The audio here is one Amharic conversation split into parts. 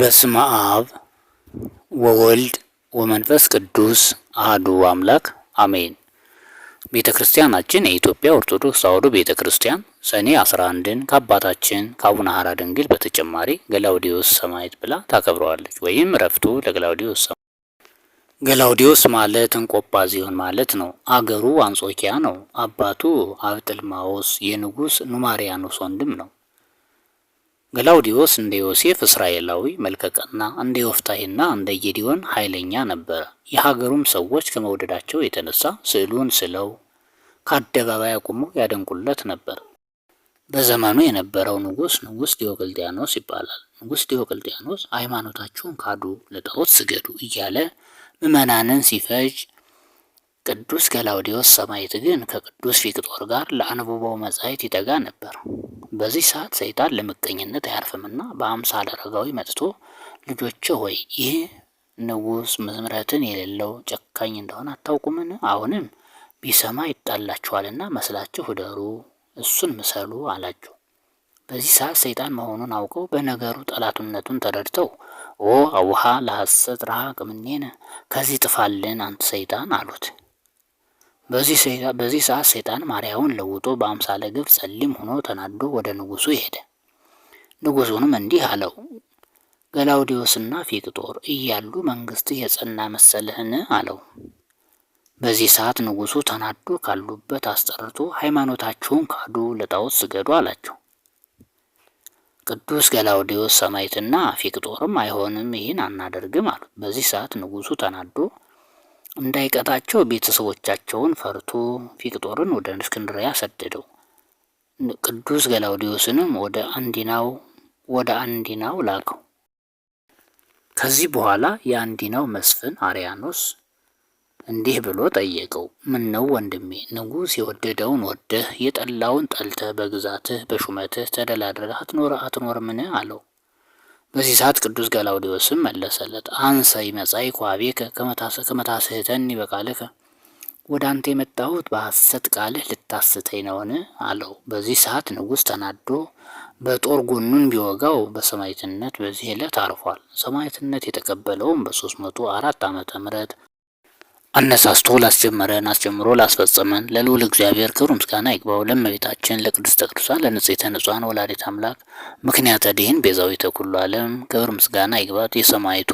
በስመ አብ ወወልድ ወመንፈስ ቅዱስ አህዱ አምላክ አሜን። ቤተ ክርስቲያናችን የኢትዮጵያ ኦርቶዶክስ ተዋሕዶ ቤተ ክርስቲያን ሰኔ 11ን ከአባታችን ከአቡነ ሐራ ድንግል በተጨማሪ ገላውዲዮስ ሰማዕት ብላ ታከብረዋለች። ወይም እረፍቱ ለገላውዲዮስ ሰማዕት። ገላውዲዮስ ማለት እንቆጳ ዚሆን ማለት ነው። አገሩ አንጾኪያ ነው። አባቱ አብጥልማዎስ የንጉሥ ኑማሪያኖስ ወንድም ነው። ገላውዲዮስ እንደ ዮሴፍ እስራኤላዊ መልከቀና እንደ ዮፍታሔና እንደ ጌዲዮን ኃይለኛ ነበረ። የሀገሩም ሰዎች ከመውደዳቸው የተነሳ ስዕሉን ስለው ከአደባባይ አቁመው ያደንቁለት ነበር። በዘመኑ የነበረው ንጉስ ንጉስ ዲዮቅልጥያኖስ ይባላል። ንጉስ ዲዮቅልጥያኖስ ሃይማኖታችሁን ካዱ፣ ለጣዖት ስገዱ እያለ ምዕመናንን ሲፈጅ ቅዱስ ገላውዲዮስ ሰማዕት ግን ከቅዱስ ፊቅጦር ጋር ለአንብቦ መጻሕፍት ይተጋ ነበር። በዚህ ሰዓት ሰይጣን ለምቀኝነት አያርፍምና በአምሳለ አረጋዊ መጥቶ ልጆች ሆይ ይህ ንጉሥ ምሕረትን የሌለው ጨካኝ እንደሆነ አታውቁምን? አሁንም ቢሰማ ይጣላችኋልና መስላችሁ ሁደሩ እሱን ምሰሉ አላቸው። በዚህ ሰዓት ሰይጣን መሆኑን አውቀው በነገሩ ጠላትነቱን ተረድተው ኦ አውሃ ለሐሰት ረሃ ቅምኔነ ከዚህ ጥፋልን አንተ ሰይጣን አሉት። በዚህ ሰዓት ሰይጣን ማርያውን ለውጦ በአምሳለ ግብ ጸሊም ሆኖ ተናዶ ወደ ንጉሱ ሄደ። ንጉሱንም እንዲህ አለው፣ ገላውዲዮስና ፊቅጦር እያሉ መንግስትህ የጸና መሰልህን አለው። በዚህ ሰዓት ንጉሱ ተናዶ ካሉበት አስጠርቶ ሃይማኖታችሁን ካዱ፣ ለጣዖት ስገዱ አላቸው። ቅዱስ ገላውዲዮስ ሰማዕትና ፊቅጦርም አይሆንም፣ ይህን አናደርግም አሉት። በዚህ ሰዓት ንጉሱ ተናዶ እንዳይቀጣቸው ቤተሰቦቻቸውን ፈርቶ ፊቅጦርን ወደ እስክንድርያ ሰደደው። ቅዱስ ገላውዲዮስንም ወደ አንዲናው ወደ አንዲናው ላከው። ከዚህ በኋላ የአንዲናው መስፍን አርያኖስ እንዲህ ብሎ ጠየቀው። ነው ወንድሜ ንጉሥ የወደደውን ወደህ የጠላውን ጠልተህ በግዛትህ በሹመትህ ተደላድረህ አትኖር ምን አለው። በዚህ ሰዓት ቅዱስ ገላውዴዎስም መለሰለት፣ አንሰ ይመጻእኩ አቤከ ከመታስህተኒ ይበቃልከ ወደ አንተ የመጣሁት በሐሰት ቃልህ ልታስተኝ ነውን? አለው። በዚህ ሰዓት ንጉሥ ተናዶ በጦር ጎኑን ቢወጋው በሰማዕትነት በዚህ ዕለት አርፏል። ሰማዕትነት የተቀበለውም በሶስት መቶ አራት ዓመተ ምሕረት አነሳስቶ ላስጀመረን አስጀምሮ ላስፈጸመን ለልዑል እግዚአብሔር ክብር ምስጋና ይግባው። ለእመቤታችን ለቅድስተ ቅዱሳን ለንጽሕተ ንጹሐን ወላዲተ አምላክ ምክንያተ ድኂን ቤዛዊተ ኩሉ ዓለም ክብር ምስጋና ይግባት። የሰማዕቱ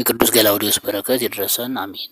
የቅዱስ ገላውዴዎስ በረከት ይድረሰን። አሜን።